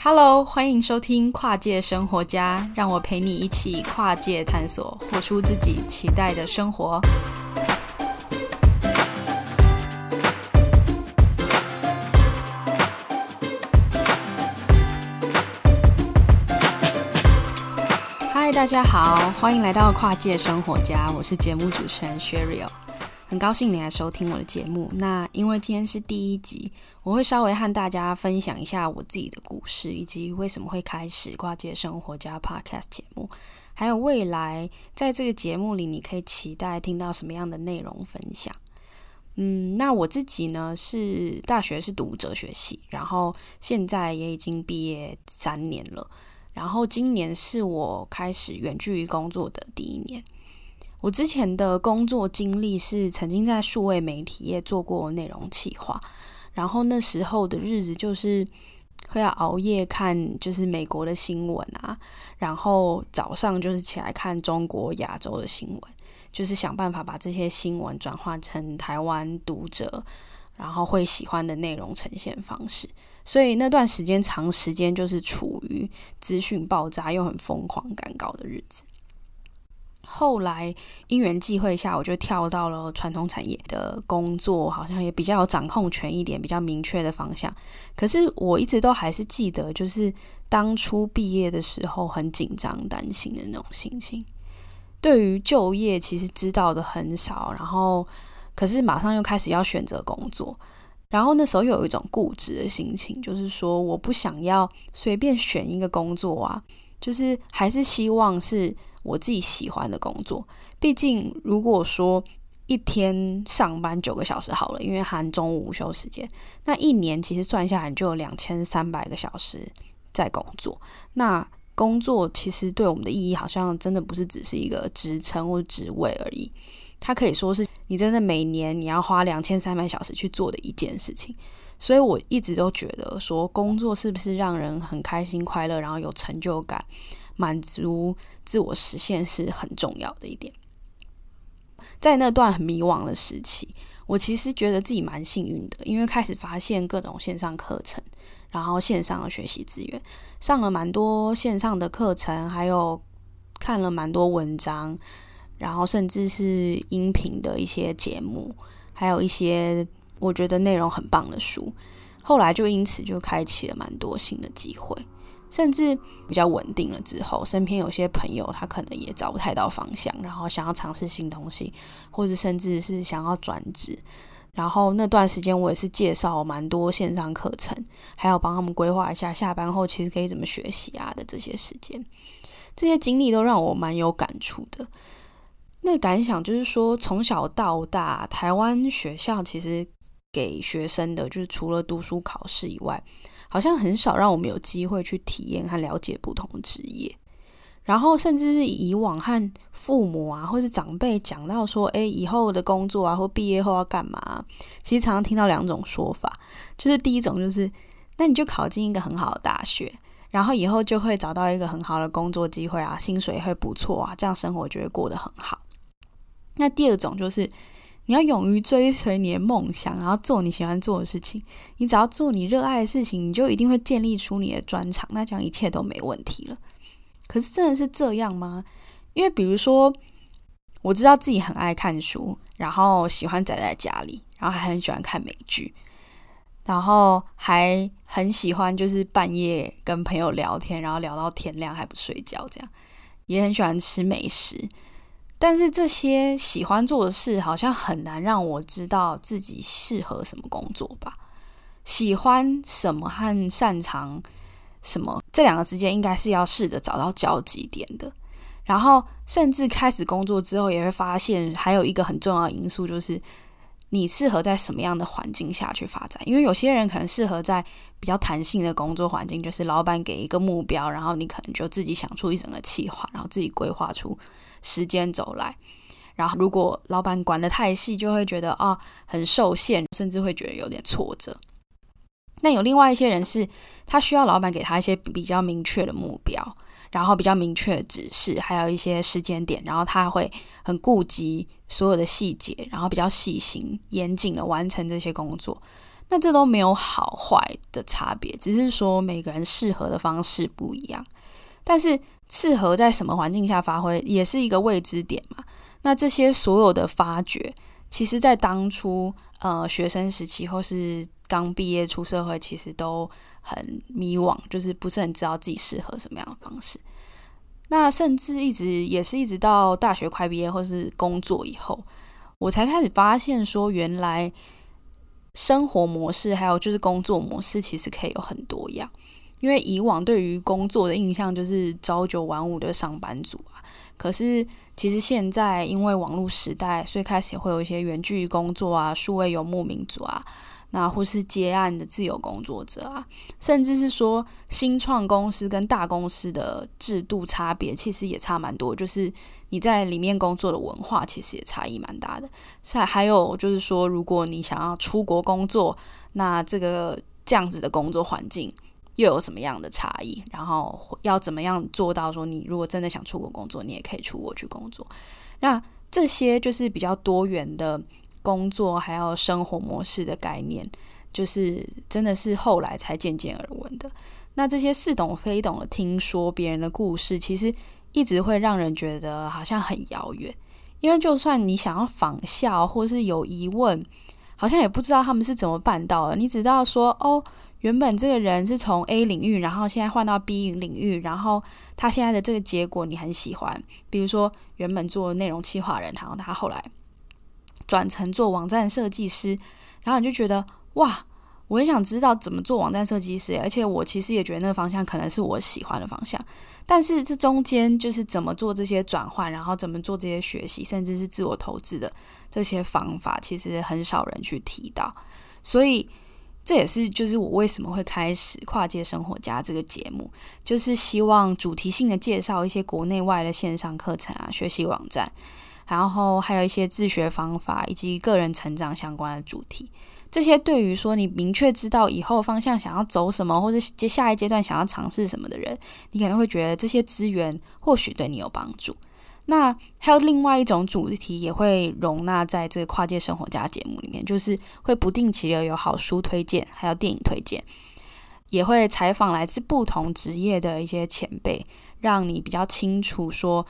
Hello，歡迎收聽《跨界生活家》，讓我陪你一起跨界探索，活出自己期待的生活。Hi，大家好，歡迎來到《跨界生活家》，我是節目主持人 Sherriel。很高興你來收聽我的節目。那因為今天是第一集，我會稍微和大家分享一下我自己的故事，以及為什麼會開始跨界生活家 Podcast 節目，還有未來在這個節目裡你可以期待聽到什麼樣的內容分享。嗯，那我自己呢是大學是讀哲學系，然後現在也已經畢業三年了，然後今年是我開始遠距工作的第一年。我之前的工作經歷是曾經在數位媒體業做過內容企劃，然後那時候的日子就是會要熬夜看就是美國的新聞啊，然後早上就是起來看中國亞洲的新聞，就是想辦法把這些新聞轉化成台灣讀者然後會喜歡的內容呈現方式，所以那段時間長時間就是處於資訊爆炸又很瘋狂趕稿的日子。後來因緣際會下，我就跳到了傳統產業的工作，好像也比較有掌控權一點，比較明確的方向。可是我一直都還是記得，就是當初畢業的時候很緊張、擔心的那種心情。對於就業，其實知道的很少，然後可是馬上又開始要選擇工作，然後那時候又有一種固執的心情，就是說我不想要隨便選一個工作啊，就是還是希望是。我自己喜歡的工作，畢竟如果說一天上班九個小時好了，因為含中午午休時間，那一年其實算下來就有兩千三百個小時在工作。那工作其實對我們的意義，好像真的不是只是一個職稱或職位而已，它可以說是你真的每年你要花兩千三百小時去做的一件事情。所以我一直都覺得說，工作是不是讓人很開心、快樂，然後有成就感？滿足自我實現是很重要的一點。在那段很迷惘的時期，我其實覺得自己蠻幸運的，因為開始發現各種線上課程，然後線上的學習資源，上了蠻多線上的課程，還有看了蠻多文章，然後甚至是音頻的一些節目，還有一些我覺得內容很棒的書。後來就因此就開啟了蠻多新的機會。甚至比較穩定了之後，身邊有些朋友他可能也找不太到方向，然後想要嘗試新東西，或者甚至是想要轉職。然後那段時間我也是介紹蠻多線上課程，還有幫他們規劃一下下班後其實可以怎麼學習啊的這些時間。這些經歷都讓我蠻有感觸的。那感想就是說，從小到大，台灣學校其實給學生的，就是除了讀書考試以外。好像很少讓我們有機會去體驗和了解不同職業，然後甚至是以往和父母啊，或是長輩講到說，哎，以後的工作啊，或畢業後要幹嘛啊？其實常常聽到兩種說法，就是第一種就是，那你就考進一個很好的大學，然後以後就會找到一個很好的工作機會啊，薪水也會不錯啊，這樣生活就會過得很好。那第二種就是。你要勇於追隨你的夢想，然後做你喜歡做的事情。你只要做你熱愛的事情，你就一定會建立出你的專長。那這樣一切都沒問題了。可是真的是這樣嗎？因為比如說，我知道自己很愛看書，然後喜歡宅在家裡，然後還很喜歡看美劇，然後還很喜歡就是半夜跟朋友聊天，然後聊到天亮還不睡覺，這樣也很喜歡吃美食。但是這些喜歡做的事好像很難讓我知道自己適合什麼工作吧？喜歡什麼和擅長什麼這兩個之間應該是要試着找到交集點的。然後，甚至開始工作之後，也會發現還有一個很重要的因素就是。你適合在什麼樣的環境下去發展？因為有些人可能適合在比較彈性的工作環境，就是老闆給一個目標，然後你可能就自己想出一整個計劃，然後自己規劃出時間走來。然後如果老闆管得太細，就會覺得啊很受限，甚至會覺得有點挫折。那有另外一些人是，他需要老闆給他一些比較明確的目標，然後比較明確的指示，還有一些時間點，然後他還會很顧及所有的細節，然後比較細心、嚴謹的完成這些工作。那這都沒有好壞的差別，只是說每個人適合的方式不一樣。但是適合在什麼環境下發揮，也是一個未知點嘛。那這些所有的發掘，其實在當初，呃，學生時期或是。剛畢業出社會，其實都很迷惘，就是不是很知道自己適合什麼樣的方式。那甚至一直也是一直到大學快畢業，或是工作以後，我才開始發現說，原來生活模式還有就是工作模式，其實可以有很多樣。因為以往對於工作的印象就是朝九晚五的上班族啊，可是其實現在因為網絡時代，所以開始也會有一些遠距工作啊，數位游牧民族啊。那或是接案的自由工作者啊，甚至是說新創公司跟大公司的制度差別，其實也差蠻多。就是你在裡面工作的文化，其實也差異蠻大的。是還有就是說，如果你想要出國工作，那這個這樣子的工作環境又有什麼樣的差異？然後要怎麼樣做到說，你如果真的想出國工作，你也可以出國去工作。那這些就是比較多元的。工作還有生活模式的概念，就是真的是後來才漸漸耳聞的。那這些似懂非懂的聽說別人的故事，其實一直會讓人覺得好像很遙遠。因為就算你想要仿效，或是有疑問，好像也不知道他們是怎麼辦到的。你只知道說，哦，原本這個人是從 A 領域，然後現在換到 B 領域，然後他現在的這個結果你很喜歡。比如說，原本做內容企劃人，然後他後來。轉成做網站設計師，然後你就覺得哇，我很想知道怎麼做網站設計師，而且我其實也覺得那個方向可能是我喜歡的方向。但是這中間就是怎麼做這些轉換，然後怎麼做這些學習，甚至是自我投資的這些方法，其實很少人去提到。所以這也是就是我為什麼會開始跨界生活家這個節目，就是希望主題性的介紹一些國內外的線上課程啊，學習網站。然後還有一些自學方法以及個人成長相關的主題，這些對於說你明確知道以後方向想要走什麼，或者接下一階段想要嘗試什麼的人，你可能會覺得這些資源或許對你有幫助。那還有另外一種主題也會容納在這個跨界生活家節目裡面，就是會不定期的有好書推薦，還有電影推薦，也會採訪來自不同職業的一些前輩，讓你比較清楚說。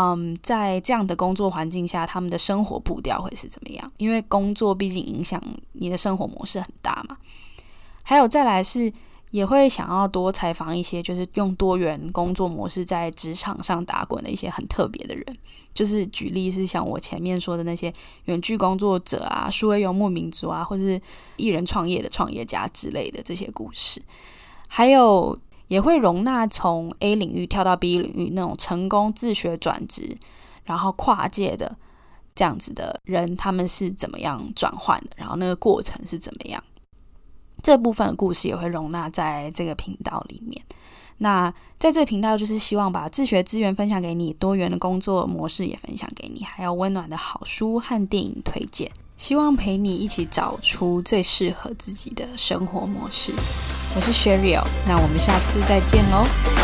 嗯，um, 在這樣的工作環境下，他們的生活步調會是怎麼樣？因為工作畢竟影響你的生活模式很大嘛。還有再來是，也會想要多採訪一些，就是用多元工作模式在職場上打滾的一些很特別的人。就是舉例是像我前面說的那些遠距工作者啊、數位遊牧民族啊，或是一人創業的創業家之類的這些故事，還有。也會容納從 A 領域跳到 B 領域那種成功自學轉職，然後跨界的這樣子的人，他們是怎麼樣轉換的？然後那個過程是怎麼樣？這部分的故事也會容納在這個頻道裡面。那在這個頻道，就是希望把自學資源分享給你，多元的工作模式也分享給你，還有溫暖的好書和電影推薦，希望陪你一起找出最適合自己的生活模式。我是 Sherriel 哦，那我們下次再見嘍。